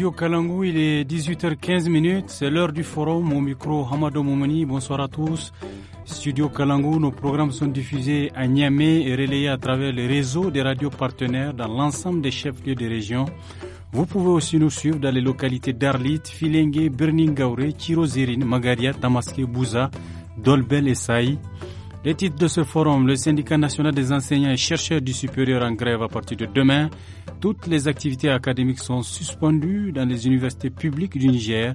studio Kalangou, il est 18h15, minutes. c'est l'heure du forum Mon micro Hamado Moumani, Bonsoir à tous. Studio Kalangou, nos programmes sont diffusés à Niamey et relayés à travers les réseaux des radios partenaires dans l'ensemble des chefs-lieux des régions. Vous pouvez aussi nous suivre dans les localités d'Arlit, Filengue, Gauré, Tirozirine, Magaria, Tamaské, Bouza, Dolbel et Saï. Les titres de ce forum, le syndicat national des enseignants et chercheurs du supérieur en grève à partir de demain. Toutes les activités académiques sont suspendues dans les universités publiques du Niger.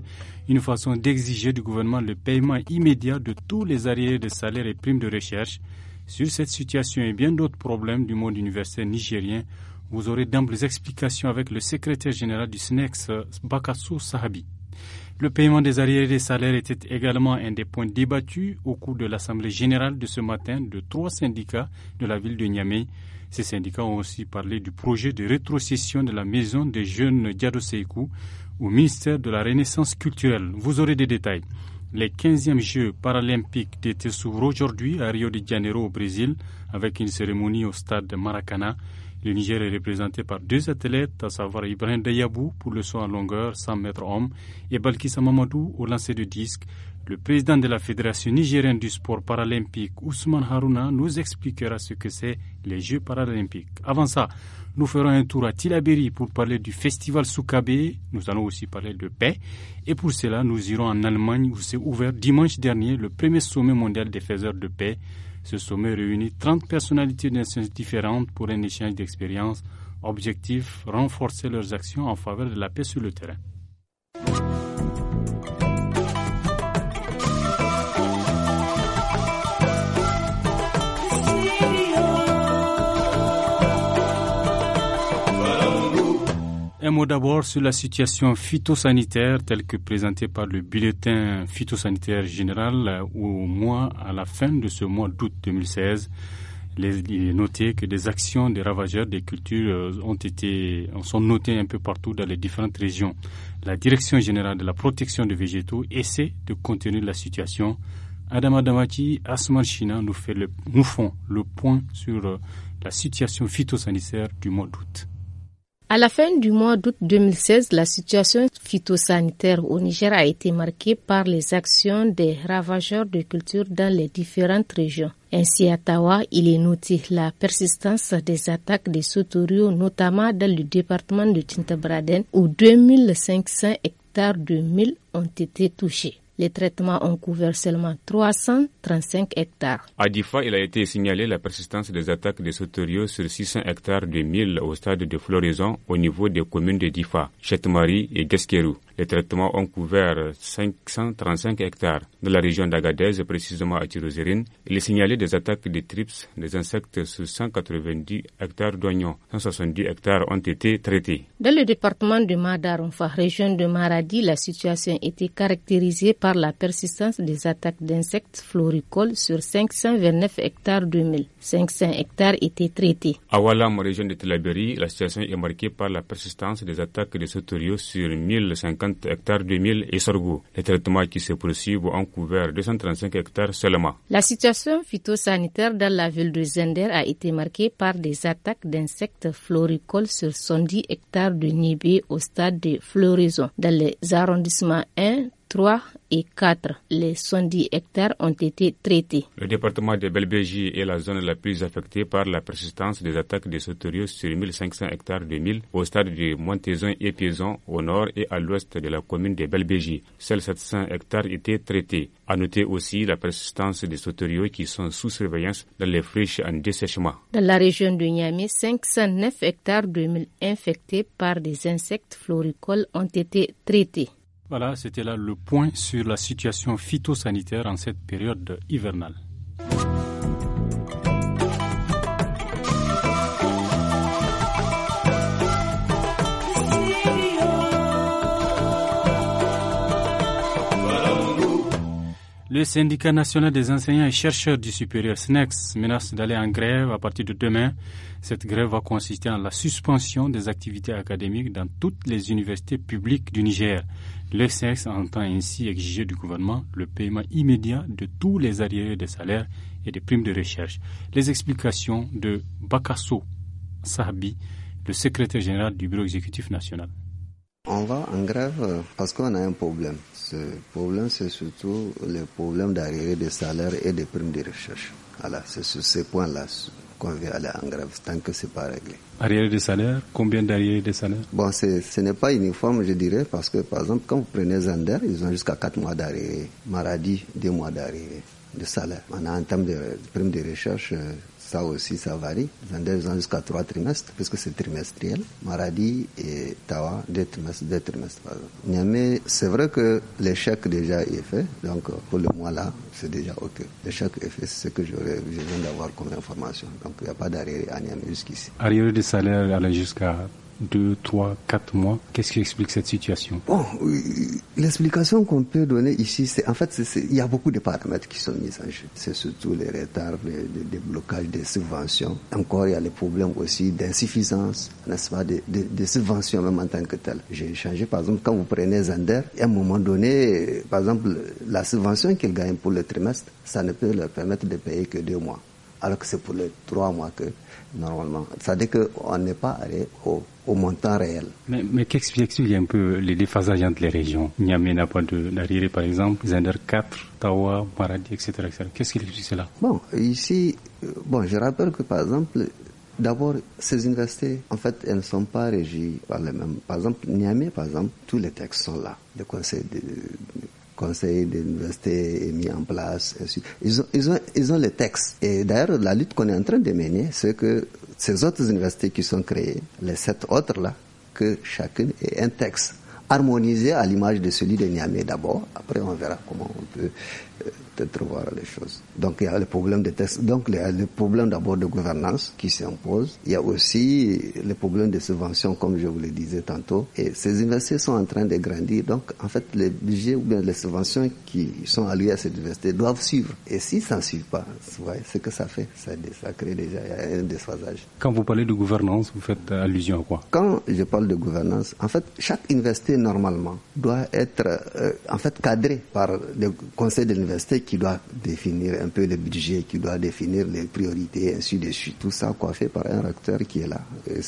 Une façon d'exiger du gouvernement le paiement immédiat de tous les arriérés de salaire et primes de recherche. Sur cette situation et bien d'autres problèmes du monde universitaire nigérien, vous aurez d'amples explications avec le secrétaire général du SNEX, Bakassou Sahabi. Le paiement des arriérés des salaires était également un des points débattus au cours de l'Assemblée générale de ce matin de trois syndicats de la ville de Niamey. Ces syndicats ont aussi parlé du projet de rétrocession de la maison des jeunes Diado Seikou au ministère de la Renaissance culturelle. Vous aurez des détails. Les 15e Jeux paralympiques d'été s'ouvrent aujourd'hui à Rio de Janeiro au Brésil avec une cérémonie au stade Maracana. Le Niger est représenté par deux athlètes, à savoir Ibrahim Dayabou pour le saut en longueur 100 mètres homme et Balkissa Mamadou au lancer de disque. Le président de la Fédération nigérienne du sport paralympique, Ousmane Harouna, nous expliquera ce que c'est les Jeux paralympiques. Avant ça, nous ferons un tour à Tilaberi pour parler du festival Soukabe. Nous allons aussi parler de paix. Et pour cela, nous irons en Allemagne où s'est ouvert dimanche dernier le premier sommet mondial des faiseurs de paix. Ce sommet réunit 30 personnalités nations différentes pour un échange d'expériences. Objectif renforcer leurs actions en faveur de la paix sur le terrain. Un mot d'abord sur la situation phytosanitaire telle que présentée par le bulletin phytosanitaire général euh, au mois, à la fin de ce mois d'août 2016. il est noté que des actions des ravageurs des cultures euh, ont été, sont notées un peu partout dans les différentes régions. La Direction générale de la protection des végétaux essaie de contenir la situation. Adam Adamati, Asman China nous, fait le, nous font le point sur euh, la situation phytosanitaire du mois d'août. À la fin du mois d'août 2016, la situation phytosanitaire au Niger a été marquée par les actions des ravageurs de cultures dans les différentes régions. Ainsi, à Tawa, il est noté la persistance des attaques des sauteriaux, notamment dans le département de Tintabraden, où 2500 hectares de mille ont été touchés. Les traitements ont couvert seulement 335 hectares. À Difa, il a été signalé la persistance des attaques de sauteriaux sur 600 hectares de mille au stade de floraison au niveau des communes de Difa, Chetmari et Guesquerou. Les traitements ont couvert 535 hectares Dans la région d'Agadez, précisément à Tirozérine. Il est signalé des attaques de trips des insectes sur 190 hectares d'oignons. 170 hectares ont été traités. Dans le département de Madarumfa, région de Maradi, la situation était caractérisée par la persistance des attaques d'insectes floricoles sur 529 hectares de 500 hectares étaient traités. À Wallam, région de la situation est marquée par la persistance des attaques de sauteriaux sur 1050 hectares de mil et sorgho. Les traitements qui se poursuivent ont couvert 235 hectares seulement. La situation phytosanitaire dans la ville de Zender a été marquée par des attaques d'insectes floricoles sur 110 hectares de nibé au stade de floraison dans les arrondissements 1, 3 et 4. Les 110 hectares ont été traités. Le département de Belbégie est la zone la plus affectée par la persistance des attaques des sauterieux sur 1500 hectares de mille au stade de Montaison et Piezon au nord et à l'ouest de la commune de Belbégie. Seuls 700 hectares étaient traités. À noter aussi la persistance des sauterieux qui sont sous surveillance dans les friches en dessèchement. Dans la région de Niamey, 509 hectares de mille infectés par des insectes floricoles ont été traités. Voilà, c'était là le point sur la situation phytosanitaire en cette période hivernale. Le syndicat national des enseignants et chercheurs du supérieur SNEX menace d'aller en grève à partir de demain. Cette grève va consister en la suspension des activités académiques dans toutes les universités publiques du Niger. Le SNEX entend ainsi exiger du gouvernement le paiement immédiat de tous les arriérés des salaires et des primes de recherche. Les explications de Bakasso Sahabi, le secrétaire général du Bureau exécutif national. On va en grève parce qu'on a un problème. Ce problème, c'est surtout le problème d'arrivée de salaires et des primes de recherche. Voilà, c'est sur ces points-là qu'on veut aller en grève tant que c'est pas réglé. Arrivée de salaire Combien d'arriérés de salaires Bon, ce n'est pas uniforme, je dirais, parce que par exemple, quand vous prenez Zander, ils ont jusqu'à 4 mois d'arrivée, Maradi, 2 mois d'arrivée de salaire. On en termes de primes de recherche, euh, ça aussi, ça varie. Ils ans jusqu'à trois trimestres, puisque c'est trimestriel. Maradi et Tawa, deux trimestres, deux trimestres. Niamey, c'est vrai que l'échec déjà est fait. Donc, euh, pour le mois-là, c'est déjà OK. L'échec est fait, c'est ce que je viens d'avoir comme information. Donc, il n'y a pas d'arriéré à Niamey jusqu'ici. Arrivée du salaire, jusqu'à deux, trois, quatre mois. Qu'est-ce qui explique cette situation Bon, euh, L'explication qu'on peut donner ici, c'est en fait, il y a beaucoup de paramètres qui sont mis en jeu. C'est surtout les retards, les blocages des subventions. Encore, il y a les problèmes aussi d'insuffisance, n'est-ce pas, des subventions même en tant que telles. J'ai changé, par exemple, quand vous prenez Zander, à un moment donné, euh, par exemple, la subvention qu'ils gagnent pour le trimestre, ça ne peut leur permettre de payer que deux mois. Alors que c'est pour les trois mois que, normalement. Ça veut dire qu'on n'est pas allé au au montant réel. Mais, mais quexplique t un peu les déphasages entre les régions Niamey n'a pas de par exemple, Zender 4, Tawa, Maradi, etc. Qu'est-ce qu'il explique cela Bon, ici, euh, bon, je rappelle que, par exemple, D'abord, ces universités, en fait, elles ne sont pas régies par les mêmes. Par exemple, Niamey, par exemple, tous les textes sont là. Le conseil de, conseil d'université est mis en place. Ils, ont, ils, ont, ils ont les textes. Et d'ailleurs, la lutte qu'on est en train de mener, c'est que ces autres universités qui sont créées, les sept autres-là, que chacune ait un texte harmonisé à l'image de celui de Niamey d'abord. Après, on verra comment on peut euh, peut-être les choses. Donc il y a le problème de donc d'abord de gouvernance qui s'impose. Il y a aussi le problème des subventions, comme je vous le disais tantôt. Et ces universités sont en train de grandir, donc en fait les budgets ou bien les subventions qui sont alliées à ces universités doivent suivre. Et si ça ne suit pas, ouais, c'est que ça fait, ça, ça crée déjà un désfasage. Quand vous parlez de gouvernance, vous faites euh, allusion à quoi Quand je parle de gouvernance, en fait chaque université normalement doit être euh, en fait cadrée par le conseil de l'université qui doit définir un peu le budget, qui doit définir les priorités, ainsi de suite. Tout ça coiffé par un recteur qui est là, et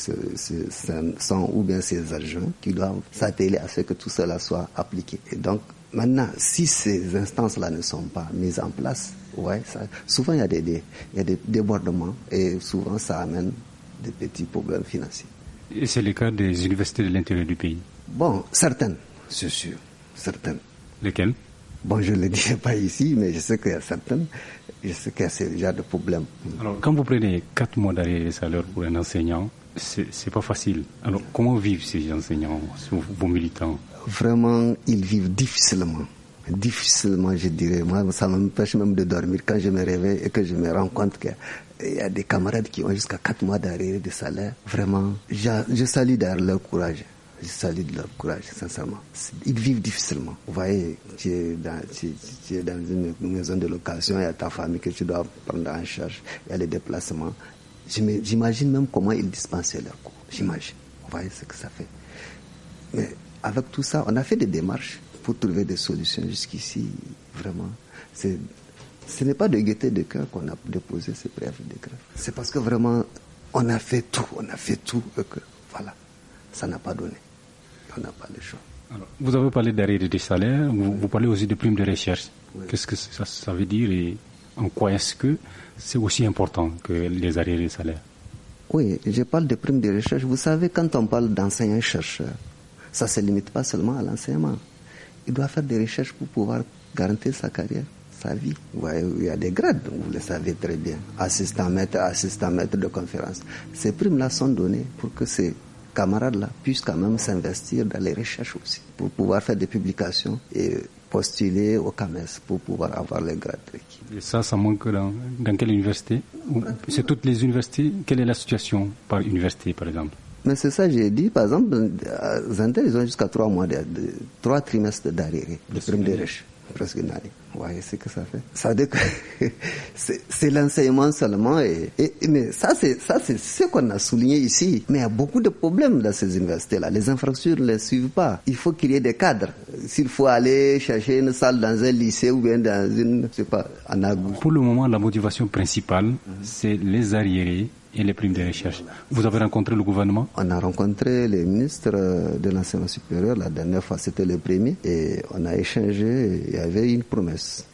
ou bien ses agents qui doivent s'atteler à ce que tout cela soit appliqué. Et donc, maintenant, si ces instances-là ne sont pas mises en place, ouais, souvent il y a des débordements et souvent ça amène des petits problèmes financiers. Et c'est le cas des universités de l'intérieur du pays Bon, certaines, c'est sûr, certaines. Lesquelles Bon, je ne le dis pas ici, mais je sais qu'il y a certaines, je sais qu'il y a ce genre de problème. Alors, quand vous prenez 4 mois d'arrêt de salaire pour un enseignant, c'est pas facile. Alors, comment vivent ces enseignants, vos militants Vraiment, ils vivent difficilement. Difficilement, je dirais. Moi, ça m'empêche même de dormir quand je me réveille et que je me rends compte qu'il y a des camarades qui ont jusqu'à 4 mois d'arrêt de salaire. Vraiment, je, salue leur courage. Je salue de leur courage, sincèrement. Ils vivent difficilement. Vous voyez, tu es dans, une maison de location, il y a ta famille que tu dois prendre en charge, il y a les déplacements. J'imagine même comment ils dispensaient leur cours. J'imagine. Vous voyez ce que ça fait. Mais avec tout ça, on a fait des démarches pour trouver des solutions jusqu'ici. Vraiment, ce n'est pas de gaieté de cœur qu'on a déposé ces préavis de grève. C'est parce que vraiment, on a fait tout, on a fait tout. Que, voilà, ça n'a pas donné n'a pas le choix. vous avez parlé d'arrêt des salaires, vous, parlez aussi de primes de recherche. Qu'est-ce que ça, veut dire et en quoi est-ce que c'est aussi important que les arrêts de salaires Oui, je parle de primes de recherche. Vous savez, quand on parle d'enseignant-chercheur, ça ne se limite pas seulement à l'enseignement. Il doit faire des recherches pour pouvoir garantir sa carrière, sa vie. il y a des grades, vous le savez très bien. Assistant maître, assistant maître de conférence. Ces primes-là sont données pour que ces camarades-là puissent quand même s'investir dans les recherches aussi, pour pouvoir faire des publications et postuler au CAMES pour pouvoir avoir les grades Et ça, ça manque dans, dans quelle université C'est toutes les universités Quelle est la situation par université, par exemple mais c'est ça, j'ai dit, par exemple, à ils ont jusqu'à trois mois, de, trois trimestres derrière de prime de recherche voyez c'est que ça fait. Ça veut dire que c'est l'enseignement seulement. Et, mais ça, c'est ça, c'est ce qu'on a souligné ici. Mais il y a beaucoup de problèmes dans ces universités-là. Les infrastructures ne les suivent pas. Il faut qu'il y ait des cadres. S'il faut aller chercher une salle dans un lycée ou bien dans une, je sais pas, en Pour le moment, la motivation principale, mhm. c'est les arriérés et les primes de recherche. Vous avez rencontré le gouvernement On a rencontré les ministres de l'enseignement supérieur. La dernière fois, c'était le premier. Et on a échangé. Il y avait une promesse.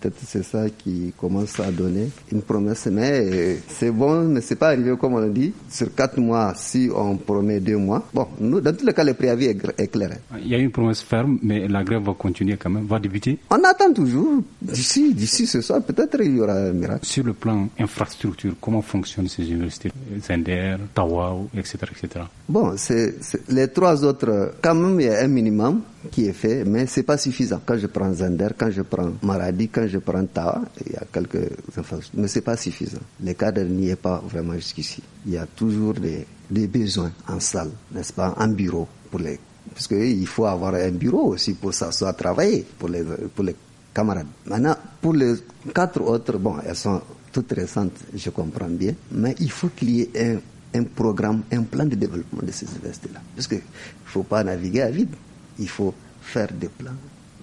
Peut-être c'est ça qui commence à donner une promesse. Mais c'est bon, mais c'est pas arrivé comme on a dit. Sur quatre mois, si on promet deux mois, bon, nous, dans tous les cas, le préavis est, clair. Hein. Il y a une promesse ferme, mais la grève va continuer quand même, va débuter. On attend toujours. D'ici, d'ici ce soir, peut-être il y aura un miracle. Sur le plan infrastructure, comment fonctionnent ces universités, Zender, Tawao, etc., etc. Bon, c'est les trois autres. Quand même, il y a un minimum qui est fait, mais c'est pas suffisant. Quand je prends Zander, quand je prends Maradi, quand je prends Taha, il y a quelques infrastructures, mais c'est pas suffisant. Le cadre n'y est pas vraiment jusqu'ici. Il y a toujours des, besoins en salle, n'est-ce pas, en bureau pour les, parce qu'il faut avoir un bureau aussi pour s'asseoir travailler pour les, pour les camarades. Maintenant, pour les quatre autres, bon, elles sont toutes récentes, je comprends bien, mais il faut qu'il y ait un, programme, un plan de développement de ces universités-là. Parce qu'il ne faut pas naviguer à vide il faut faire des plans,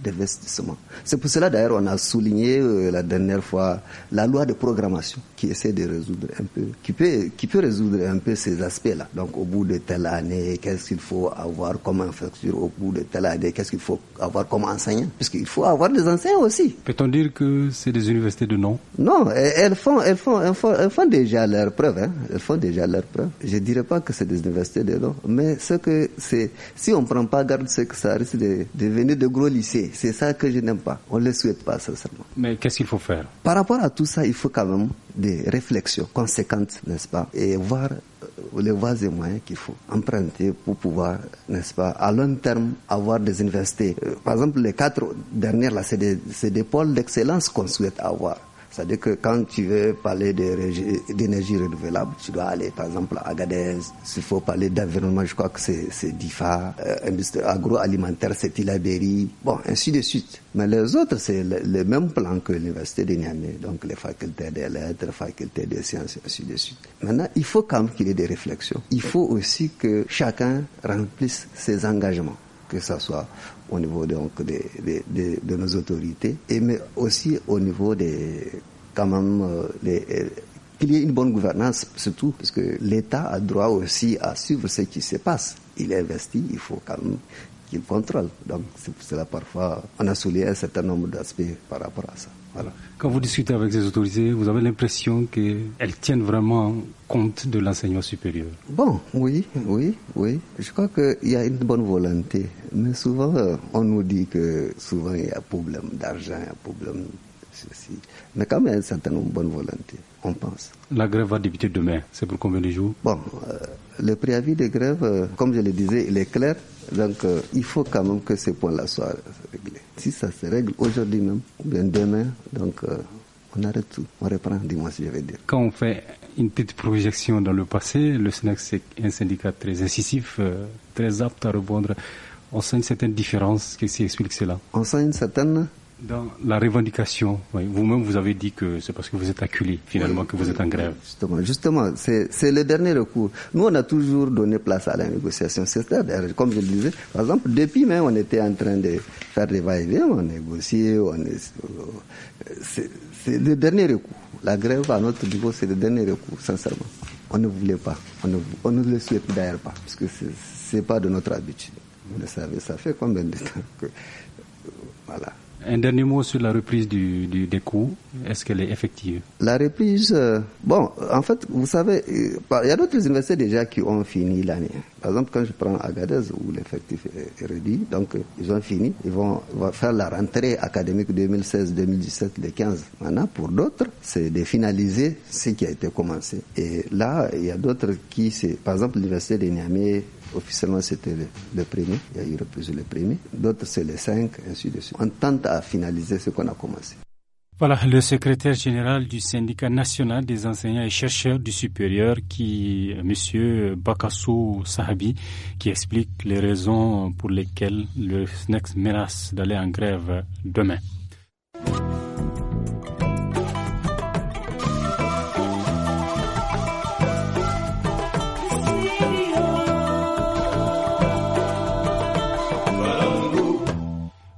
d'investissement. C'est pour cela d'ailleurs on a souligné euh, la dernière fois la loi de programmation qui essaie de résoudre un peu, qui peut, qui peut résoudre un peu ces aspects-là. Donc au bout de telle année, qu'est-ce qu'il faut avoir comme infrastructure Au bout de telle année, qu'est-ce qu'il faut avoir comme enseignant Puisqu'il faut avoir des enseignants aussi. Peut-on dire que c'est des universités de nom Non, elles font, elles font, elles font, déjà leur preuve hein. Elles font déjà leurs preuve Je dirais pas que c'est des universités de nom, mais ce que c'est, si on prend pas garde, c'est que ça risque de devenir de gros lycées c'est ça que je n'aime pas. On ne le souhaite pas, sincèrement. Mais qu'est-ce qu'il faut faire Par rapport à tout ça, il faut quand même des réflexions conséquentes, n'est-ce pas Et voir euh, les voies et moyens qu'il faut emprunter pour pouvoir, n'est-ce pas, à long terme, avoir des universités. Euh, par exemple, les quatre dernières, là, c'est des pôles d'excellence qu'on souhaite avoir. C'est-à-dire que quand tu veux parler d'énergie renouvelable, tu dois aller par exemple à Agadez. S'il faut parler d'environnement, je crois que c'est DIFA, euh, agroalimentaire, c'est Tilaberi, bon, ainsi de suite. Mais les autres, c'est le, même plan que l'université de Niamey, donc les facultés des lettres, facultés des sciences, ainsi de suite. Maintenant, il faut quand même qu'il y ait des réflexions. Il faut aussi que chacun remplisse ses engagements que ce soit au niveau donc de, nos autorités, et mais aussi au niveau des quand même euh, euh, qu'il y ait une bonne gouvernance surtout, parce que l'État a droit aussi à suivre ce qui se passe. Il investit, il faut quand même qu'il contrôle. Donc c'est cela parfois on a souligné un certain nombre d'aspects par rapport à ça. Quand vous discutez avec ces autorités, vous avez l'impression qu'elles tiennent vraiment compte de l'enseignement supérieur Bon, oui, oui, oui. Je crois qu'il y a une bonne volonté. Mais souvent, on nous dit que souvent il y a problème d'argent, il y a problème ceci. Mais quand même, il y a une certaine bonne volonté, on pense. La grève va débuter demain. C'est pour combien de jours Bon, euh, le préavis de grève, euh, comme je le disais, il est clair. Donc, euh, il faut quand même que ces points-là soient réglés. Si ça se règle aujourd'hui même, ou bien demain, donc euh, on arrête tout, on reprend, dis-moi si je vais dire. Quand on fait une petite projection dans le passé, le SNAC, c'est un syndicat très incisif, très apte à répondre. On sent une certaine différence. Qu'est-ce qui explique cela On sent une certaine dans la revendication, vous-même vous avez dit que c'est parce que vous êtes acculé finalement que vous êtes en grève. Justement, justement, c'est le dernier recours. Nous, on a toujours donné place à la négociation. C'est-à-dire, comme je le disais, par exemple, depuis même, on était en train de faire des va-et-vient, on négociait, on euh, C'est le dernier recours. La grève à notre niveau, c'est le dernier recours, sincèrement. On ne voulait pas, on ne, on ne le souhaite d'ailleurs pas, parce que n'est pas de notre habitude. Vous le savez, ça fait combien de temps que... Voilà. Un dernier mot sur la reprise du, des cours. Est-ce qu'elle est effective La reprise, euh, bon, en fait, vous savez, euh, il y a d'autres universités déjà qui ont fini l'année. Par exemple, quand je prends Agadez, où l'effectif est réduit, donc euh, ils ont fini, ils vont, vont faire la rentrée académique 2016-2017, les 15. Maintenant, pour d'autres, c'est de finaliser ce qui a été commencé. Et là, il y a d'autres qui, par exemple, l'université de Niamey Officiellement, c'était le, premier. Il y a eu plusieurs le premier. D'autres, c'est les cinq. ainsi de suite. On tente à finaliser ce qu'on a commencé. Voilà, le secrétaire général du syndicat national des enseignants et chercheurs du supérieur, qui, Monsieur Bakassou Sahabi, qui explique les raisons pour lesquelles le SNEX menace d'aller en grève demain.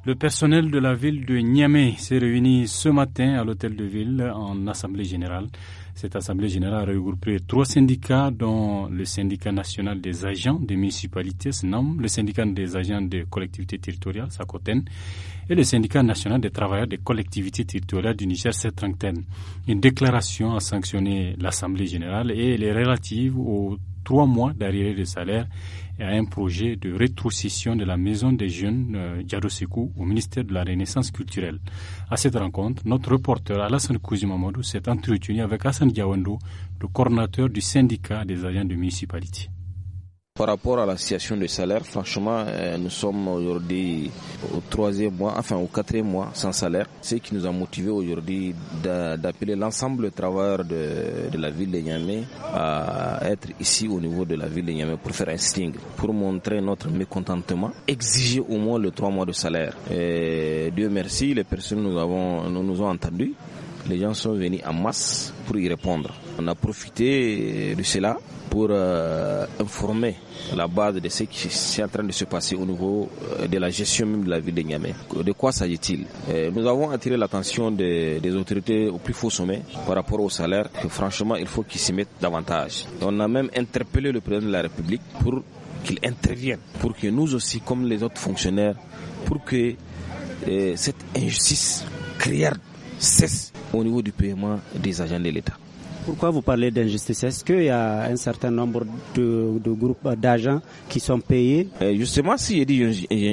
Le personnel de la ville de Niamey s'est réuni ce matin à l'hôtel de ville en assemblée générale. Cette assemblée générale a regroupé trois syndicats, dont le syndicat national des agents des municipalités, le syndicat des agents des collectivités territoriales, SACOTEN, et le syndicat national des travailleurs des collectivités territoriales du Niger, trentaine. Une déclaration a sanctionné l'assemblée générale et elle est relative aux trois mois d'arrivée de salaire à un projet de rétrocession de la maison des jeunes euh, au ministère de la Renaissance culturelle. À cette rencontre, notre reporter Alassane Kouzimamadou s'est entretenu avec Hassan Diawando, le coordinateur du syndicat des agents de municipalité. Par rapport à la situation de salaire, franchement, euh, nous sommes aujourd'hui au troisième mois, enfin au quatrième mois sans salaire, ce qui nous a motivé aujourd'hui d'appeler l'ensemble des travailleurs de, la ville de Niamey à être ici au niveau de la ville de Niamey pour faire un sting, pour montrer notre mécontentement, exiger au moins le trois mois de salaire. Dieu merci, les personnes nous avons, nous, nous ont entendus. Les gens sont venus en masse pour y répondre. On a profité de cela pour euh, informer la base de ce qui est en train de se passer au niveau euh, de la gestion même de la ville de Niamey. De quoi s'agit-il euh, Nous avons attiré l'attention des, autorités au plus faux sommet par rapport au salaire que franchement il faut qu'ils s'y mettent davantage. On a même interpellé le président de la République pour qu'il intervienne, pour que nous aussi, comme les autres fonctionnaires, pour que cette injustice criarde cesse au niveau du paiement des agents de l'État. Pourquoi vous parlez d'injustice Est-ce qu'il y a un certain nombre de, groupes d'agents qui sont payés euh, Justement, si je dis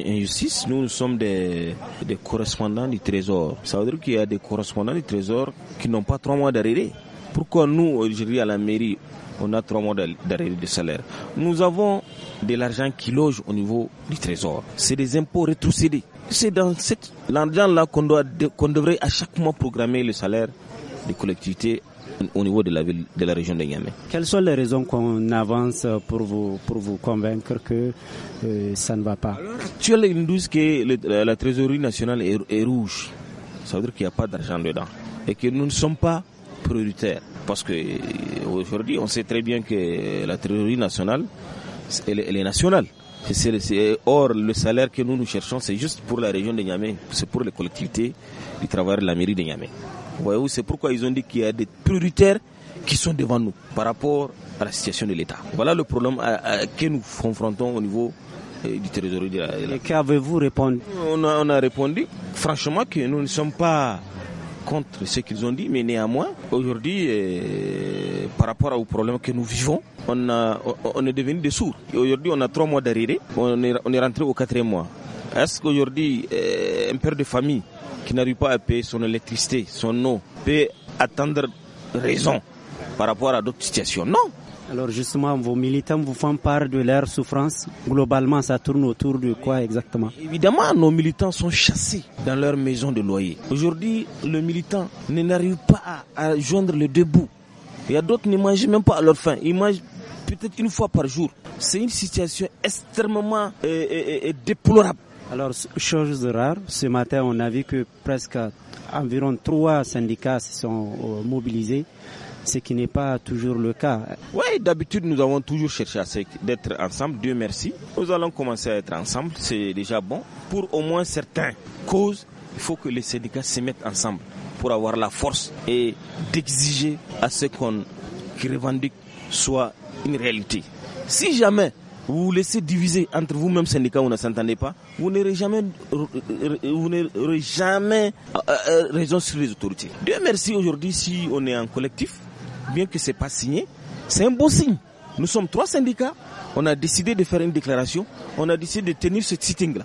injustice, nous, sommes des, correspondants du Trésor. Ça veut dire qu'il y a des correspondants du Trésor qui n'ont pas trois mois d'arrêté. Pourquoi nous, aujourd'hui, à la mairie, on a trois mois d'arrêt de salaire Nous avons de l'argent qui loge au niveau du Trésor. C'est des impôts rétrocédés. C'est dans cet argent là qu'on qu'on devrait à chaque mois programmer le salaire des collectivités au niveau de la ville, de la région de Niamey. Quelles sont les raisons qu'on avance pour vous, pour vous convaincre que euh, ça ne va pas Tu les disent que la, trésorerie nationale est, rouge, ça veut dire qu'il n'y a pas d'argent dedans et que nous ne sommes pas prioritaires. Parce qu'aujourd'hui, on sait très bien que la trésorerie nationale, elle, est nationale. or, le salaire que nous nous cherchons, c'est juste pour la région de Niamey, c'est pour les collectivités du travail de la mairie de Niamey c'est pourquoi ils ont dit qu'il y a des prioritaires qui sont devant nous par rapport à la situation de l'État. Voilà le problème euh, euh, que nous confrontons au niveau euh, du trésorier de qu'avez-vous répondu on a, répondu, franchement, que nous ne sommes pas contre ce qu'ils ont dit, mais néanmoins, aujourd'hui, par rapport au problème que nous vivons, on, est devenu des sourds. Aujourd'hui, on a trois mois d'arrivée, on est, rentré au quatrième mois. Est-ce qu'aujourd'hui, un père de famille qui n'arrive pas à payer son électricité, son eau, peut attendre raison par rapport à d'autres situations. Non. Alors justement, vos militants vous font part de leur souffrance. Globalement, ça tourne autour de quoi exactement Évidemment, nos militants sont chassés dans leur maison de loyer. Aujourd'hui, le militant n'arrive pas à, joindre le deux bouts. Il y a d'autres qui ne mangent même pas à leur faim. Ils mangent peut-être une fois par jour. C'est une situation extrêmement euh, euh, euh, déplorable. Alors, chose rare, ce matin, on a vu que presque environ trois syndicats se sont euh, mobilisés, ce qui n'est pas toujours le cas. Oui, d'habitude, nous avons toujours cherché à être ensemble. Dieu merci. Nous allons commencer à être ensemble, c'est déjà bon. Pour au moins certaines causes, il faut que les syndicats se mettent ensemble pour avoir la force et d'exiger à ce qu'on revendique soit une réalité. Si jamais vous vous laissez diviser entre vous-même syndicats, vous ne s'entendez pas, vous n'aurez jamais, euh, euh, vous n'aurez jamais euh, raison sur les autorités. Dieu merci aujourd'hui si on est en collectif, bien que c'est pas signé, c'est un beau signe. Nous sommes trois syndicats, on a décidé de faire une déclaration, on a décidé de tenir ce sitting-là.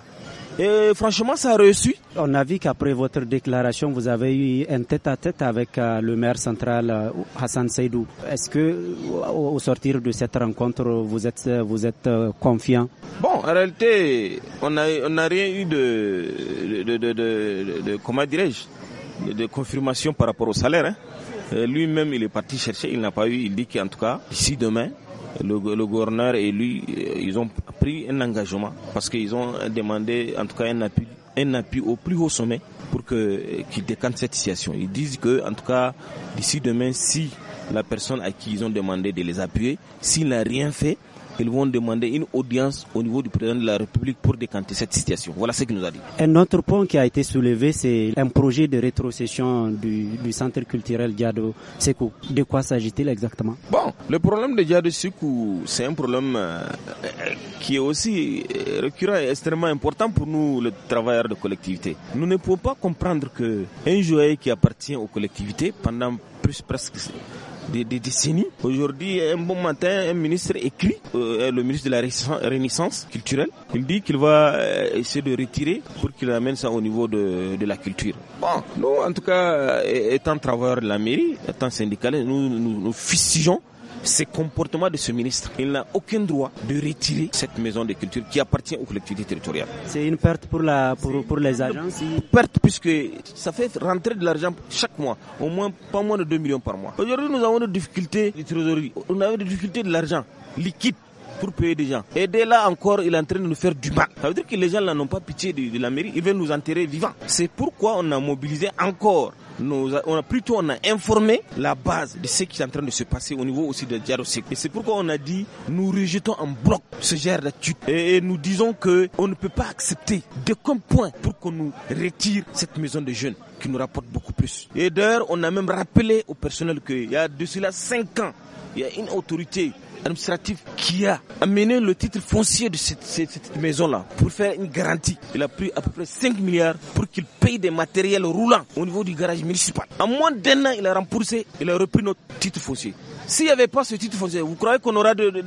Et franchement, ça a reçu. On a vu qu'après votre déclaration, vous avez eu un tête-à-tête avec euh, le maire central euh, Hassan Seydou. Est-ce que, euh, au sortir de cette rencontre, vous êtes, vous êtes confiant Bon, en réalité, on n'a on a rien eu de, de, de, comment dirais-je, de confirmation par rapport au salaire. Hein. Lui-même, il est parti chercher, il n'a pas eu. Il dit qu'en tout cas, ici demain, le, le, gouverneur et lui, euh, ils ont pris un engagement parce qu'ils ont demandé en tout cas un appui, un appui au plus haut sommet pour que euh, qu'ils décantent cette situation. Ils disent que en tout cas d'ici demain, si la personne à qui ils ont demandé de les appuyer, s'il n'a rien fait, ils vont demander une audience au niveau du président de la République pour décanter cette situation. Voilà ce qu'il nous a dit. Un autre point qui a été soulevé, c'est un projet de rétrocession du, centre culturel Diado Sekou. De quoi s'agit-il exactement Bon, le problème de Diado Sekou, c'est un problème euh, euh, qui est aussi euh, récurrent et extrêmement important pour nous, les travailleurs de collectivité. Nous ne pouvons pas comprendre qu'un un joyeux qui appartient aux collectivités pendant plus, presque des, décennies. Aujourd'hui, un bon matin, un ministre écrit, euh, le ministre de la Renaissance culturelle, il dit qu'il va euh, essayer de retirer pour qu'il amène ça au niveau de, de la culture. Bon, nous, en tout cas, euh, étant travailleurs de la mairie, étant syndicalistes, nous, nous, nous ces comportements de ce ministre. Il n'a aucun droit de retirer cette maison de culture qui appartient aux collectivités territoriales. C'est une perte pour, la, pour, pour les agences Une perte puisque ça fait rentrer de l'argent chaque mois, au moins pas moins de 2 millions par mois. Aujourd'hui, nous avons des difficultés de trésorerie, on a des difficultés de l'argent liquide pour payer des gens. Et dès là encore, il est en train de nous faire du mal. Ça veut dire que les gens n'ont pas pitié de, de, la mairie, ils veulent nous enterrer vivants. C'est pourquoi on a mobilisé encore on a plutôt on a informé la base de ce qui est en train de se passer au niveau aussi de Diarosek. Et c'est pourquoi on a dit nous rejetons en bloc ce genre d'attitude et, et, nous disons que on ne peut pas accepter de comme point pour qu'on nous retire cette maison de jeunes qui nous rapporte beaucoup plus. Et d'ailleurs, on a même rappelé au personnel qu'il y a de cela 5 ans, il y a une autorité administratif qui a amené le titre foncier de cette, maison-là pour faire une garantie. Il a pris à peu près 5 milliards pour qu'il paye des matériels roulants au niveau du garage municipal. En moins d'un an, il a remboursé, il a repris notre titre foncier. S'il n'y avait pas ce titre foncier, vous croyez qu'on aura de, de,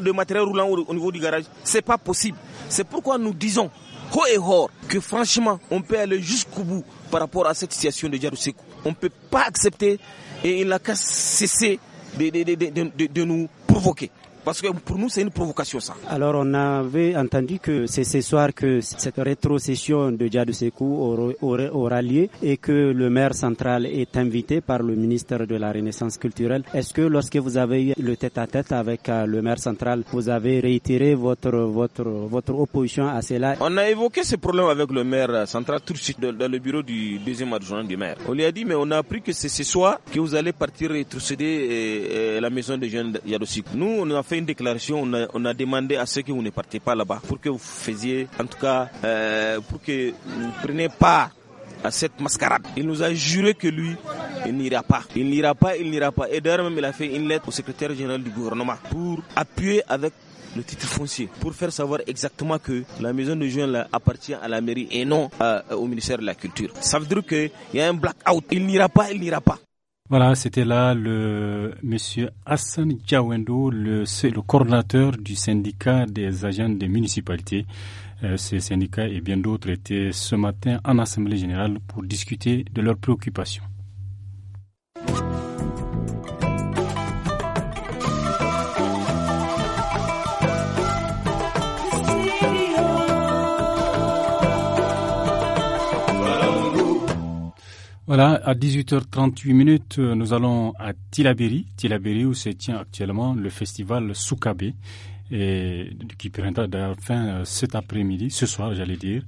de, matériel roulant au, niveau du garage C'est pas possible. C'est pourquoi nous disons haut et hors que franchement, on peut aller jusqu'au bout par rapport à cette situation de Djaroussekou. On ne peut pas accepter et il n'a qu'à cesser de, de, de, de nous provoquer. Parce que pour nous, c'est une provocation, ça. Alors, on avait entendu que c'est ce soir que cette rétrocession de Djadou Sekou aura, lieu et que le maire central est invité par le ministre de la Renaissance culturelle. Est-ce que lorsque vous avez eu le tête-à-tête avec euh, le maire central, vous avez réitéré votre, votre, votre opposition à cela On a évoqué ce problème avec le maire central tout de suite dans le bureau du deuxième adjoint du maire. On lui a dit, mais on a appris que c'est ce soir que vous allez partir rétrocéder euh, euh, la maison de jeunes Sekou. Nous, on a fait une déclaration, on a, demandé à ceux qui ne partez pas là-bas pour que vous faisiez, en tout cas, euh, pour que vous preniez pas à cette mascarade. Il nous a juré que lui, il n'ira pas. Il n'ira pas, il n'ira pas. Et d'ailleurs même, il a fait une lettre au secrétaire général du gouvernement pour appuyer avec le titre foncier pour faire savoir exactement que la maison de juin là, appartient à la mairie et non euh, au ministère de la Culture. Ça veut dire qu'il y a un blackout. Il n'ira pas, il n'ira pas. Voilà, c'était là le monsieur Hassan Djawendo, le, le coordinateur du syndicat des agents des municipalités. Euh, ces ce syndicat et bien d'autres étaient ce matin en Assemblée générale pour discuter de leurs préoccupations. Voilà, à 18h38 minutes, euh, nous allons à Tilaberi, Tilaberi où se tient actuellement le festival Soukabe, et, qui prendra d'ailleurs fin euh, cet après-midi, ce soir j'allais dire.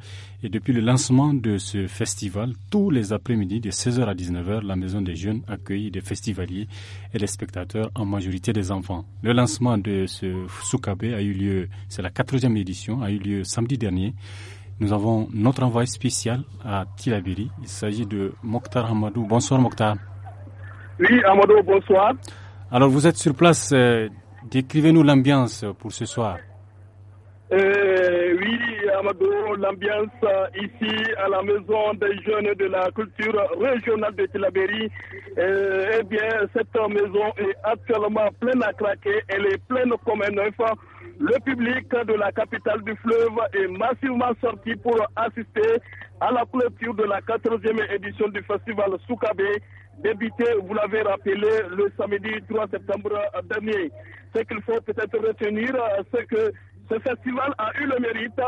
Et depuis le lancement de ce festival, tous les après-midi de 16h à 19h, la Maison des Jeunes accueille des festivaliers et des spectateurs, en majorité des enfants. Le lancement de ce Soukabe a eu lieu, c'est la quatrième édition, a eu lieu samedi dernier. Nous avons notre envoyé spécial à Tilabiri. Il s'agit de Mokhtar Hamadou. Bonsoir Mokhtar. Oui, Hamadou, bonsoir. Alors vous êtes sur place. Euh, décrivez-nous l'ambiance pour ce soir. Euh, oui, l'ambiance euh, ici à la maison des jeunes de la culture régionale de Tilaberi, euh, eh bien, cette maison est actuellement pleine à craquer, elle est pleine comme un œuf. Le public de la capitale du fleuve est massivement sorti pour assister à la clôture de la 14e édition du festival Soukabe, débuté, vous l'avez rappelé, le samedi 3 septembre dernier. Ce qu'il faut peut-être retenir, euh, c'est que ce festival a eu le mérite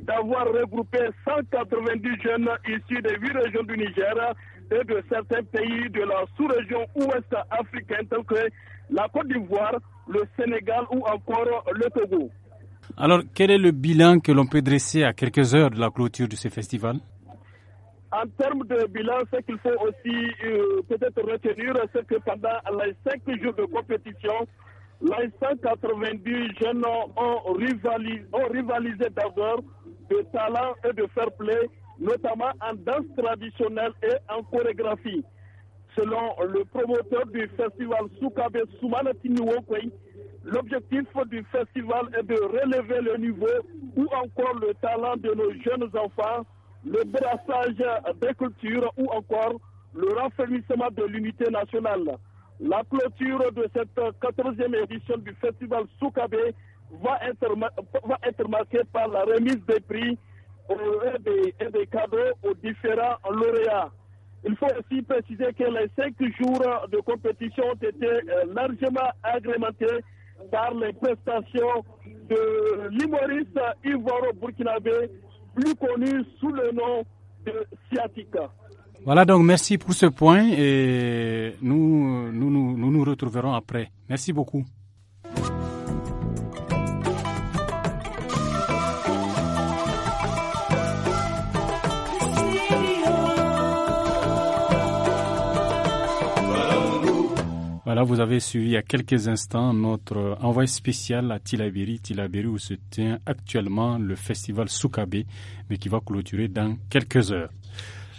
d'avoir regroupé 190 jeunes issus des huit régions du Niger et de certains pays de la sous-région ouest africaine tels que la Côte d'Ivoire, le Sénégal ou encore le Togo. Alors, quel est le bilan que l'on peut dresser à quelques heures de la clôture de ce festival en termes de bilan, ce qu'il faut aussi euh, peut-être retenir, c'est que pendant les cinq jours de compétition, les 190 jeunes ont rivalisé, ont rivalisé d'abord de talent et de fair play, notamment en danse traditionnelle et en chorégraphie. Selon le promoteur du festival Soukabe Soumana l'objectif du festival est de relever le niveau ou encore le talent de nos jeunes enfants, le brassage des cultures ou encore le renfermissement de l'unité nationale. La clôture de cette 14e édition du festival Soukabe va être, va être marquée par la remise des prix euh, et des, et cadeaux aux différents lauréats. Il faut aussi préciser que les cinq jours de compétition ont été euh, largement agrémentés par les prestations de l'humoriste Ivoro Burkinabé, plus connu sous le nom de Sciatica. Voilà donc merci pour ce point et nous nous, nous, retrouverons après. Merci beaucoup. Voilà, vous avez suivi à quelques instants notre envoi spécial à Tilabiri, Tilabiri où se tient actuellement le festival Soukabe, mais qui va clôturer dans quelques heures.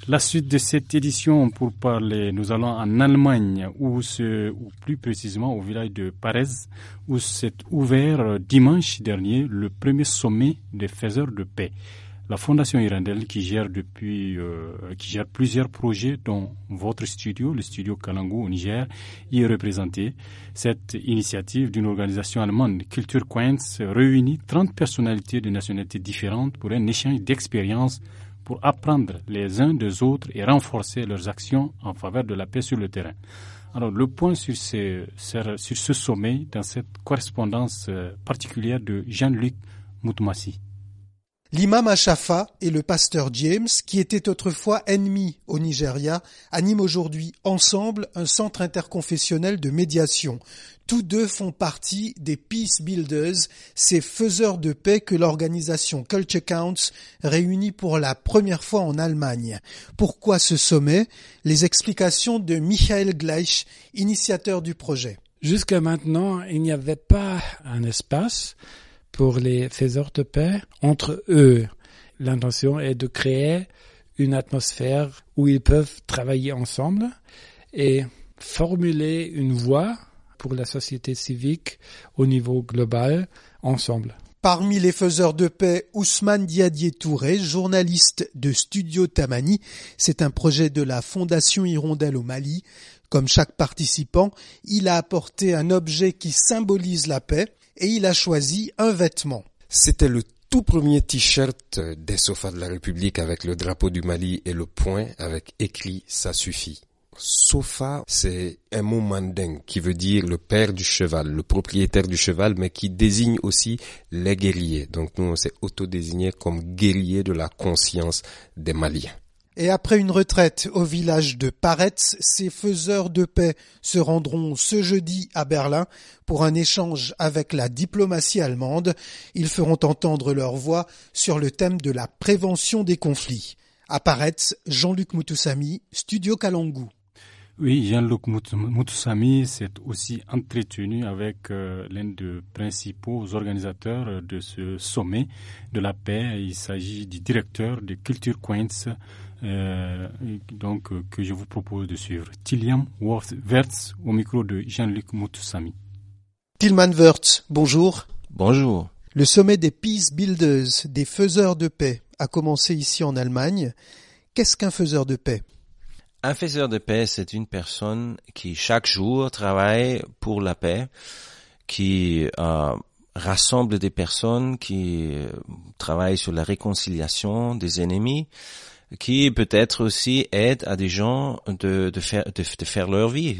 La suite de cette édition pour parler, nous allons en Allemagne, où, ce, ou plus précisément au village de Parez, où s'est ouvert euh, dimanche dernier le premier sommet des faiseurs de paix. La Fondation Hirandel qui gère depuis, euh, qui gère plusieurs projets, dont votre studio, le studio Kalango au Niger, y est représenté. Cette initiative d'une organisation allemande, Culture Coins, réunit 30 personnalités de nationalités différentes pour un échange d'expériences pour apprendre les uns des autres et renforcer leurs actions en faveur de la paix sur le terrain. Alors le point sur ce, sur ce sommet, dans cette correspondance euh, particulière de Jean-Luc Moutmassi. L'imam Achafa et le pasteur James, qui étaient autrefois ennemis au Nigeria, animent aujourd'hui ensemble un centre interconfessionnel de médiation. Tous deux font partie des Peace Builders, ces faiseurs de paix que l'organisation Culture Counts réunit pour la première fois en Allemagne. Pourquoi ce sommet Les explications de Michael Gleich, initiateur du projet. Jusqu'à maintenant, il n'y avait pas un espace pour les faiseurs de paix entre eux. L'intention est de créer une atmosphère où ils peuvent travailler ensemble et formuler une voie pour la société civique au niveau global ensemble. Parmi les faiseurs de paix, Ousmane Diadier Touré, journaliste de Studio Tamani, c'est un projet de la Fondation Hirondelle au Mali. Comme chaque participant, il a apporté un objet qui symbolise la paix, et il a choisi un vêtement. C'était le tout premier t-shirt des sofas de la République avec le drapeau du Mali et le point avec écrit ça suffit. Sofa, c'est un mot manding qui veut dire le père du cheval, le propriétaire du cheval, mais qui désigne aussi les guerriers. Donc nous, on s'est auto-désigné comme guerrier de la conscience des Maliens. Et après une retraite au village de Paretz, ces faiseurs de paix se rendront ce jeudi à Berlin pour un échange avec la diplomatie allemande. Ils feront entendre leur voix sur le thème de la prévention des conflits. À Paretz, Jean-Luc Moutoussami, Studio Kalangou. Oui, Jean-Luc Moutoussami s'est aussi entretenu avec euh, l'un des principaux organisateurs de ce sommet de la paix. Il s'agit du directeur de Culture Queens, euh, donc, euh, que je vous propose de suivre. Tilliam Wertz au micro de Jean-Luc Moutoussami. Tilman Wertz, bonjour. Bonjour. Le sommet des Peace Builders, des faiseurs de paix, a commencé ici en Allemagne. Qu'est-ce qu'un faiseur de paix Un faiseur de paix, c'est une personne qui chaque jour travaille pour la paix, qui euh, rassemble des personnes qui travaillent sur la réconciliation des ennemis, qui peut-être aussi aide à des gens de, faire faire leur vie,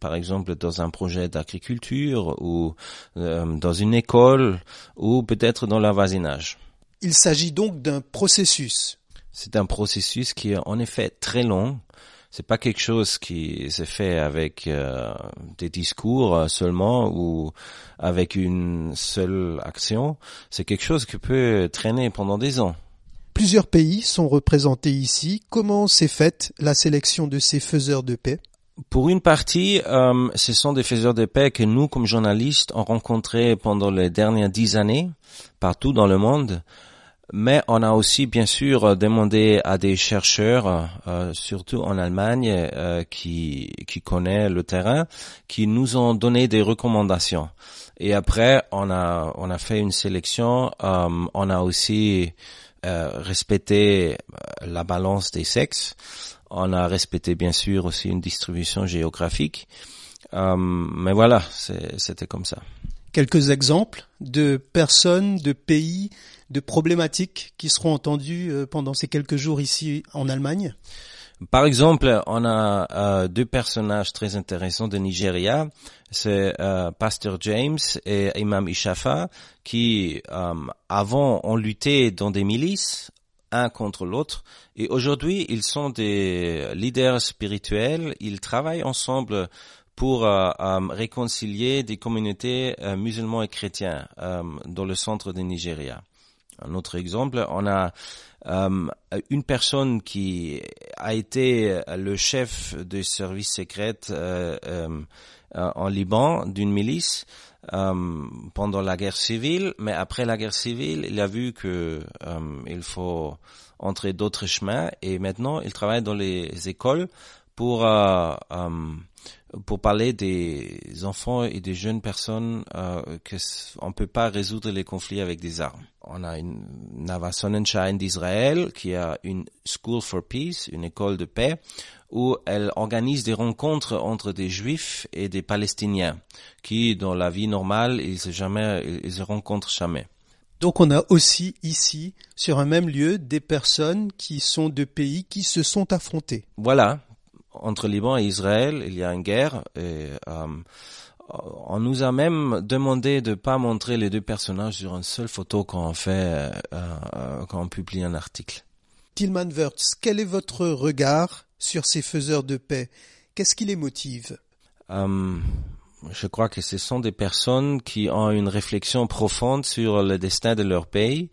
par exemple dans un projet d'agriculture ou euh, dans une école ou peut-être dans leur voisinage. Il s'agit donc d'un processus. C'est un processus qui est en effet très long. C'est pas quelque chose qui se fait avec euh, des discours euh, seulement ou avec une seule action. C'est quelque chose qui peut traîner pendant des ans. Plusieurs pays sont représentés ici. Comment s'est faite la sélection de ces faiseurs de paix pour une partie, euh, ce sont des faiseurs de paix que nous, comme journalistes, avons rencontrés pendant les dernières dix années partout dans le monde. Mais on a aussi, bien sûr, demandé à des chercheurs, euh, surtout en Allemagne, euh, qui, qui connaissent le terrain, qui nous ont donné des recommandations. Et après, a, on a fait une sélection. on a aussi euh, respecter euh, la balance des sexes. On a respecté bien sûr aussi une distribution géographique. Euh, mais voilà, c'était comme ça. Quelques exemples de personnes, de pays, de problématiques qui seront entendues pendant ces quelques jours ici en Allemagne par exemple, on a euh, deux personnages très intéressants de Nigeria, c'est euh, Pasteur James et Imam Ishafa, qui euh, avant ont lutté dans des milices un contre l'autre, et aujourd'hui ils sont des leaders spirituels, ils travaillent ensemble pour réconcilier des communautés musulmanes musulmans et chrétiens dans le centre de Nigeria. Un autre exemple, on a euh, une personne qui a été le chef des services secrets euh, euh, en Liban d'une milice euh, pendant la guerre civile, mais après la guerre civile, il a vu que il faut entrer d'autres chemins et maintenant il travaille dans les écoles pour pour parler des enfants et des jeunes personnes, euh, ne on peut pas résoudre les conflits avec des armes. On a une Nava Sonnenschein d'Israël qui a une School for Peace, une école de paix, où elle organise des rencontres entre des Juifs et des Palestiniens, qui dans la vie normale ils se ils se rencontrent jamais. Donc on a aussi ici, sur un même lieu, des personnes qui sont de pays qui se sont affrontés. Voilà, entre Liban et Israël, il y a une guerre et euh, on nous a même demandé de pas montrer les deux personnages sur une seule photo quand on fait euh, quand on publie un article. Tilman Wirtz, quel est votre regard sur ces faiseurs de paix Qu'est-ce qui les motive euh, Je crois que ce sont des personnes qui ont une réflexion profonde sur le destin de leur pays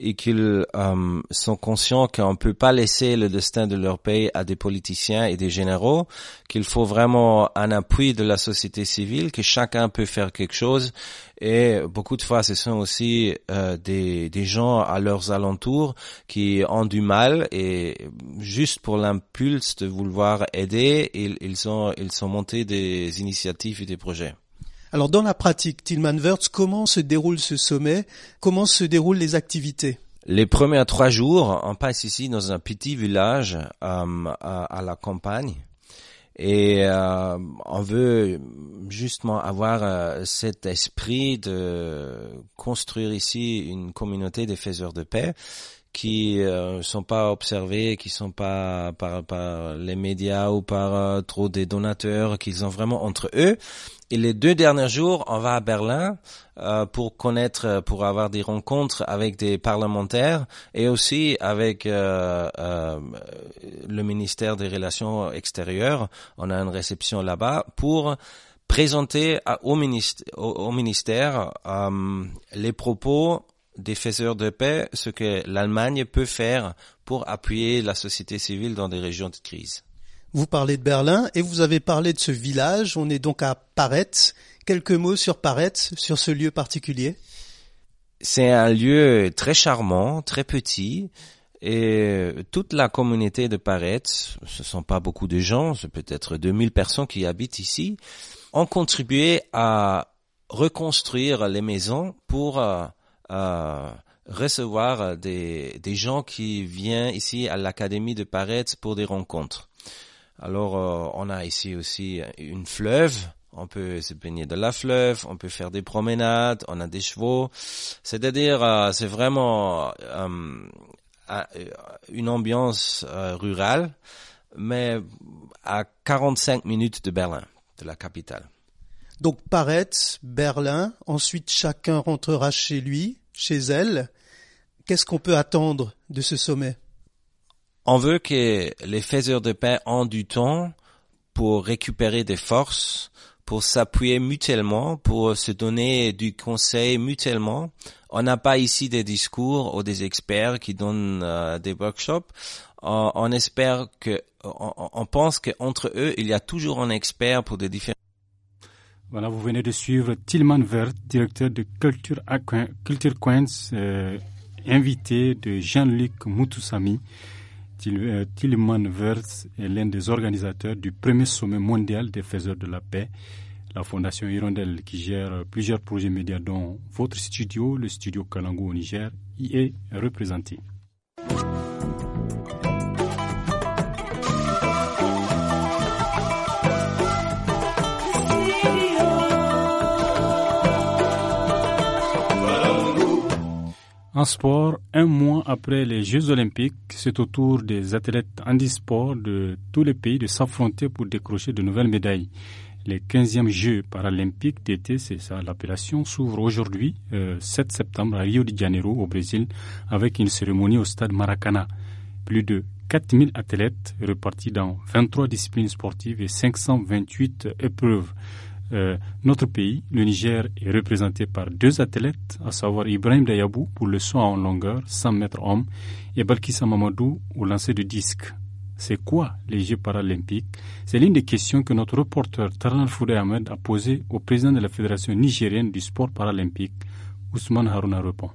et qu'ils euh, sont conscients qu'on ne peut pas laisser le destin de leur pays à des politiciens et des généraux, qu'il faut vraiment un appui de la société civile, que chacun peut faire quelque chose. Et beaucoup de fois, ce sont aussi euh, des, gens à leurs alentours qui ont du mal et juste pour l'impulse de vouloir aider, ils, ont, ils sont montés des initiatives et des projets. Alors dans la pratique, Tillman Wertz, comment se déroule ce sommet Comment se déroulent les activités les premiers trois jours, on passe ici dans un petit village euh, à la campagne et euh, on veut justement avoir euh, cet esprit de construire ici une communauté des faiseurs de paix qui ne sont pas observés, qui sont pas par, par les médias ou par trop des donateurs, qu'ils ont vraiment entre eux et les deux derniers jours, on va à Berlin euh, pour connaître, euh, pour avoir des rencontres avec des parlementaires et aussi avec euh, le ministère des Relations extérieures. On a une réception là-bas pour présenter au, ministère, au ministère les propos des faiseurs de paix, ce que l'Allemagne peut faire pour appuyer la société civile dans des régions de crise. Vous parlez de Berlin et vous avez parlé de ce village. On est donc à Paretz. Quelques mots sur Paretz, sur ce lieu particulier C'est un lieu très charmant, très petit. Et toute la communauté de Paretz, ce ne sont pas beaucoup de gens, c'est peut-être 2000 personnes qui habitent ici, ont contribué à reconstruire les maisons pour euh, euh, recevoir des, des gens qui viennent ici à l'Académie de Paretz pour des rencontres. Alors, euh, on a ici aussi une fleuve. On peut se baigner de la fleuve, on peut faire des promenades, on a des chevaux. C'est-à-dire, euh, c'est vraiment euh, une ambiance rurale, mais à 45 minutes de Berlin, de la capitale. Donc Paretz, Berlin, ensuite chacun rentrera chez lui, chez elle. Qu'est-ce qu'on peut attendre de ce sommet on veut que les faiseurs de paix aient du temps pour récupérer des forces, pour s'appuyer mutuellement, pour se donner du conseil mutuellement. On n'a pas ici des discours ou des experts qui donnent euh, des workshops. on espère que, on, pense qu'entre eux, il y a toujours un expert pour des différents voilà, vous venez de suivre Tillman Vert, directeur de Culture, Culture Coins, euh, invité de Jean-Luc Moutoussami. Euh, Tilman wertz est l'un des organisateurs du premier sommet mondial des faiseurs de la paix, la Fondation Hirondelle qui gère plusieurs projets médias dont votre studio, le studio Kalango au Niger, y est représenté. En sport, un mois après les Jeux olympiques, c'est au tour des athlètes handisport de tous les pays de s'affronter pour décrocher de nouvelles médailles. Les 15e Jeux paralympiques d'été, c'est ça l'appellation, s'ouvrent aujourd'hui, 7 euh, septembre, à Rio de Janeiro, au Brésil, avec une cérémonie au stade Maracana. Plus de 4000 athlètes repartis dans 23 disciplines sportives et 528 épreuves. Euh, notre pays, le Niger, est représenté par deux athlètes, à savoir Ibrahim Dayabou pour le saut en longueur, 100 mètres homme, et Balkissa Mamadou au lancer du disque. C'est quoi les Jeux paralympiques C'est l'une des questions que notre reporter Taran Foudé Ahmed a posée au président de la Fédération nigérienne du sport paralympique. Ousmane haruna répond.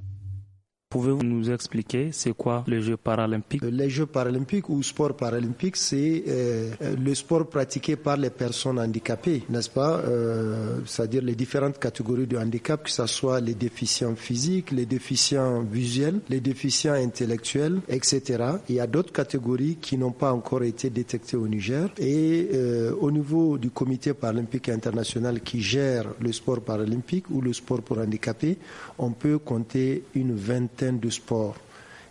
Pouvez-vous nous expliquer c'est quoi les Jeux paralympiques euh, Les Jeux paralympiques ou sport paralympique, c'est euh, le sport pratiqué par les personnes handicapées, n'est-ce pas euh, C'est-à-dire les différentes catégories de handicap, que ce soit les déficients physiques, les déficients visuels, les déficients intellectuels, etc. Il y a d'autres catégories qui n'ont pas encore été détectées au Niger. Et au niveau du comité paralympique international qui gère le sport paralympique ou le sport pour handicapés, on peut compter une vingtaine de sport.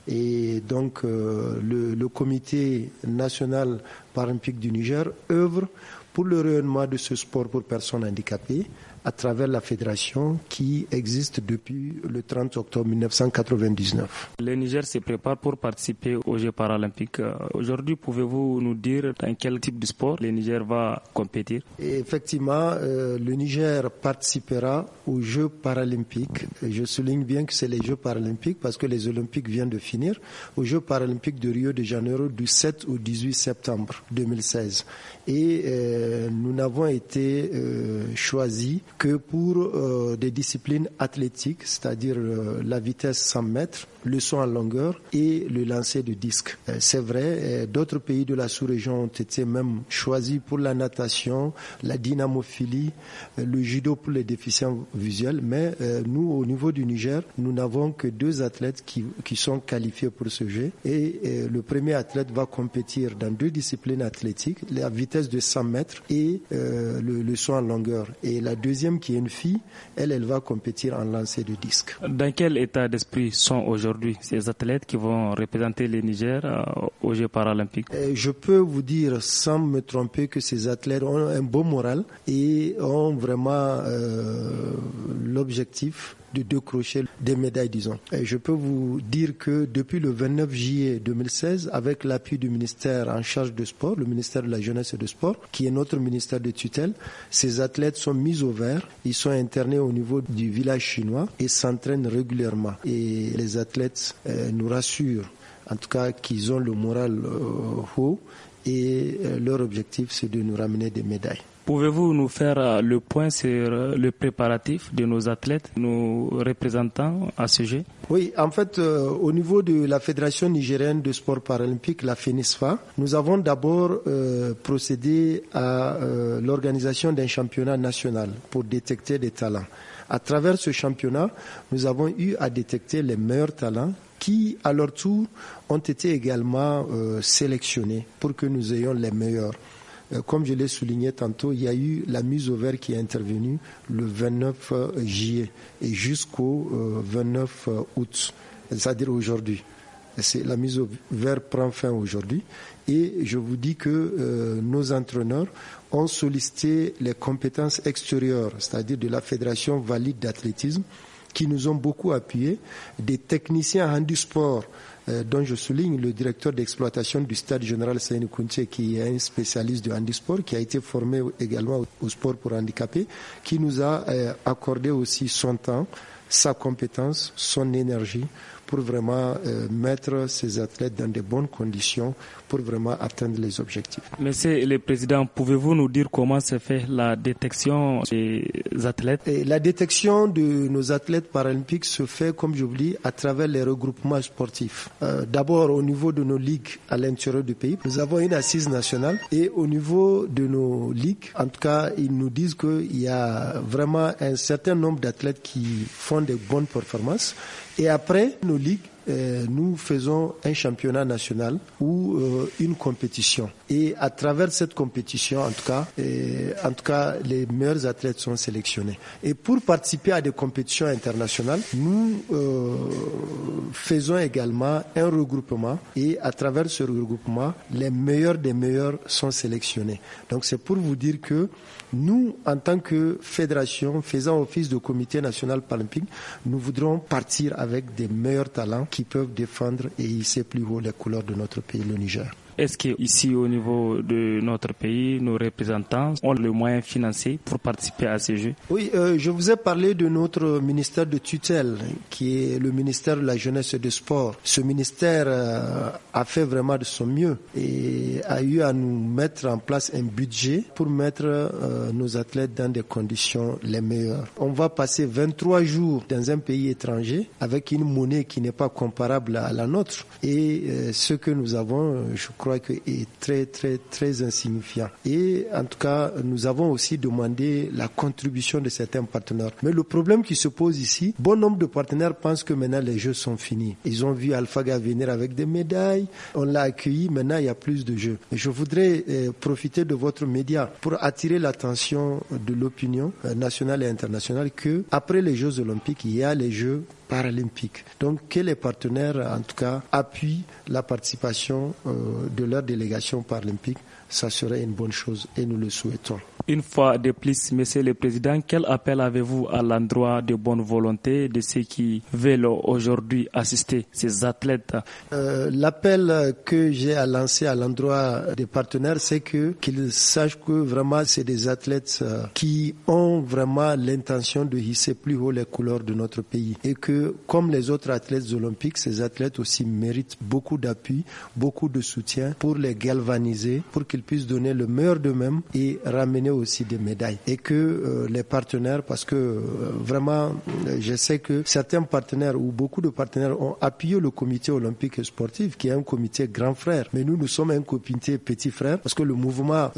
Et donc euh, le, le, comité national paralympique du Niger œuvre pour le rayonnement de ce sport pour personnes handicapées à travers la fédération qui existe depuis le 30 octobre 1999. Le Niger se prépare pour participer aux Jeux paralympiques. Euh, aujourd'hui, pouvez-vous nous dire dans quel type de sport le Niger va compétir Effectivement, euh, le Niger participera aux Jeux paralympiques. je souligne bien que c'est les Jeux paralympiques parce que les Olympiques viennent de finir. Aux Jeux paralympiques de Rio de Janeiro du 7 au 18 septembre 2016. Et euh, nous n'avons été euh, choisis que pour euh, des disciplines athlétiques, c'est-à-dire euh, la vitesse 100 mètres, le son en longueur et le lancer de disque. Euh, c'est vrai, euh, d'autres pays de la sous-région ont été même choisis pour la natation, la dynamophilie, euh, le judo pour les déficients visuels, mais nous, au niveau du Niger, nous n'avons que deux athlètes qui, qui, sont qualifiés pour ce jeu et le premier athlète va compétir dans deux disciplines athlétiques, la vitesse de 100 mètres et le, son en longueur. Et la deuxième, qui est une fille, elle, elle va compétir en lancer de disque. Dans quel état d'esprit sont aujourd'hui ces athlètes qui vont représenter le Niger euh, aux Jeux paralympiques euh, Je peux vous dire sans me tromper que ces athlètes ont un bon moral et ont vraiment euh, l'objectif de décrocher des médailles, disons. Et je peux vous dire que depuis le 29 juillet 2016, avec l'appui du ministère en charge de sport, le ministère de la Jeunesse et de Sport, qui est notre ministère de tutelle, ces athlètes sont mis au vert, ils sont internés au niveau du village chinois et s'entraînent régulièrement. Et les athlètes euh, nous rassurent, en tout cas qu'ils ont le moral euh, haut et euh, leur objectif c'est de nous ramener des médailles. Pouvez-vous nous faire euh, le point sur euh, le préparatif de nos athlètes, nos représentants à ce sujet Oui, en fait, euh, au niveau de la Fédération nigérienne de sport paralympique, la FENISFA, nous avons d'abord procédé à l'organisation d'un championnat national pour détecter des talents. À travers ce championnat, nous avons eu à détecter les meilleurs talents qui, à leur tour, ont été également sélectionnés pour que nous ayons les meilleurs. Euh, comme je l'ai souligné tantôt, il y a eu la mise au vert qui est intervenue le 29 euh, juillet et jusqu'au 29 euh, août, c'est-à-dire aujourd'hui. La mise au vert prend fin aujourd'hui et je vous dis que nos entraîneurs ont sollicité les compétences extérieures, c'est-à-dire de la Fédération valide d'athlétisme, qui nous ont beaucoup appuyé, des techniciens handisport euh, dont je souligne le directeur d'exploitation du stade général Saini Kounche, qui est un spécialiste du handisport, qui a été formé également au sport pour handicapés, qui nous a euh, accordé aussi son temps, sa compétence, son énergie pour vraiment euh, mettre ces athlètes dans de bonnes conditions vraiment atteindre les objectifs. Monsieur le Président, pouvez-vous nous dire comment se fait la détection des athlètes La détection de nos athlètes paralympiques se fait, comme j'oublie, à travers les regroupements sportifs. Euh, d'abord au niveau de nos ligues à l'intérieur du pays, nous avons une assise nationale et au niveau de nos ligues, en tout cas, ils nous disent qu'il y a vraiment un certain nombre d'athlètes qui font de bonnes performances. Et après, nos ligues euh, nous faisons un championnat national ou euh, une compétition. Et à travers cette compétition, en tout cas, euh, en tout cas, les meilleurs athlètes sont sélectionnés. Et pour participer à des compétitions internationales, nous faisons également un regroupement et à travers ce regroupement, les meilleurs des meilleurs sont sélectionnés. Donc c'est pour vous dire que nous, en tant que fédération faisant office de comité national paralympique, nous voudrons partir avec des meilleurs talents qui peuvent défendre et hisser plus haut les couleurs de notre pays, le Niger. Est-ce ici, au niveau de notre pays, nos représentants ont le moyen financier pour participer à ces Jeux Oui, euh, je vous ai parlé de notre ministère de tutelle, qui est le ministère de la Jeunesse et du Sport. Ce ministère euh, a fait vraiment de son mieux et a eu à nous mettre en place un budget pour mettre euh, nos athlètes dans des conditions les meilleures. On va passer 23 jours dans un pays étranger avec une monnaie qui n'est pas comparable à la nôtre. Et euh, ce que nous avons, je crois, crois que est très, très, très insignifiant. Et en tout cas, nous avons aussi demandé la contribution de certains partenaires. Mais le problème qui se pose ici, bon nombre de partenaires pensent que maintenant les jeux sont finis. Ils ont vu AlphaGa venir avec des médailles, on l'a accueilli, maintenant il y a plus de jeux. Et je voudrais euh, profiter de votre média pour attirer l'attention de l'opinion euh, nationale et internationale que après les Jeux olympiques, il y a les Jeux paralympique. Donc que les partenaires, en tout cas, appuient la participation euh, de leur délégation paralympique ça serait une bonne chose et nous le souhaitons. Une fois de plus, Monsieur le Président, quel appel avez-vous à l'endroit de bonne volonté de ceux qui veulent aujourd'hui assister ces athlètes euh, L'appel que j'ai à lancer à l'endroit des partenaires, c'est que qu'ils sachent que vraiment c'est des athlètes euh, qui ont vraiment l'intention de hisser plus haut les couleurs de notre pays et que comme les autres athlètes olympiques, ces athlètes aussi méritent beaucoup d'appui, beaucoup de soutien pour les galvaniser, pour qu'ils puissent donner le meilleur d'eux-mêmes et ramener aussi des médailles. Et que euh, les partenaires, parce que euh, vraiment, euh, je sais que certains partenaires ou beaucoup de partenaires ont appuyé le comité olympique sportif, qui est un comité grand frère. Mais nous, nous sommes un comité petit frère, parce que le mouvement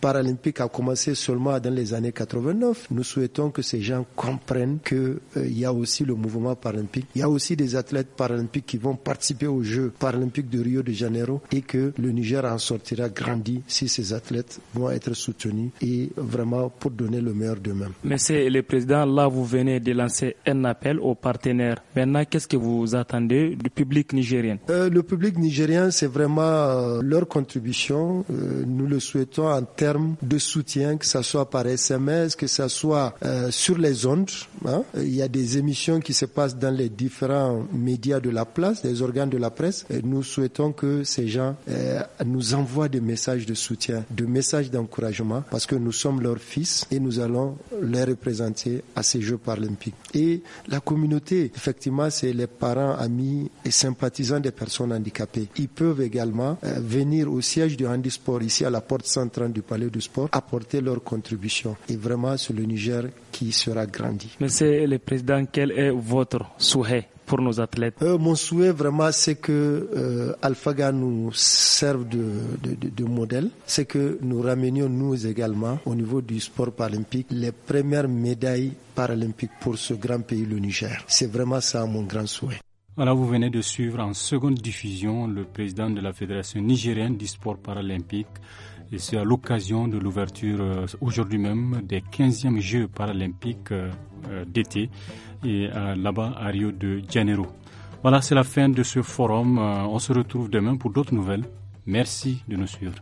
paralympique a commencé seulement dans les années 89. Nous souhaitons que ces gens comprennent qu'il il y a aussi le mouvement paralympique. Il y a aussi des athlètes paralympiques qui vont participer aux Jeux paralympiques de Rio de Janeiro et que le Niger en sortira grand dit si ces athlètes vont être soutenus et vraiment pour donner le meilleur d'eux-mêmes. Monsieur le Président, là vous venez de lancer un appel aux partenaires. Maintenant, qu'est-ce que vous attendez du public nigérien euh, Le public nigérien, c'est vraiment euh, leur contribution. Euh, nous le souhaitons en termes de soutien, que ce soit par SMS, que ce soit sur les ondes. Hein. Il y a des émissions qui se passent dans les différents médias de la place, des organes de la presse. nous souhaitons que ces gens nous envoient des messages de soutien, de messages d'encouragement, parce que nous sommes leurs fils et nous allons les représenter à ces Jeux paralympiques. Et la communauté, effectivement, c'est les parents, amis et sympathisants des personnes handicapées. Ils peuvent également euh, venir au siège du handisport, ici à la porte centrale du Palais du Sport, apporter leur contribution. Et vraiment, c'est le Niger qui sera grandi. Monsieur le Président, quel est votre souhait nos athlètes euh, Mon souhait vraiment, c'est que euh, AlphaGa nous serve de, modèle, c'est que nous ramenions nous également au niveau du sport paralympique les premières médailles paralympiques pour ce grand pays, le Niger. C'est vraiment ça mon grand souhait. Voilà, vous venez de suivre en seconde diffusion le président de la Fédération nigérienne du sport paralympique. Et c'est à l'occasion de l'ouverture euh, aujourd'hui même des 15e Jeux paralympiques euh, d'été et euh, là-bas à Rio de Janeiro. Voilà, c'est la fin de ce forum. Euh, on se retrouve demain pour d'autres nouvelles. Merci de nous suivre.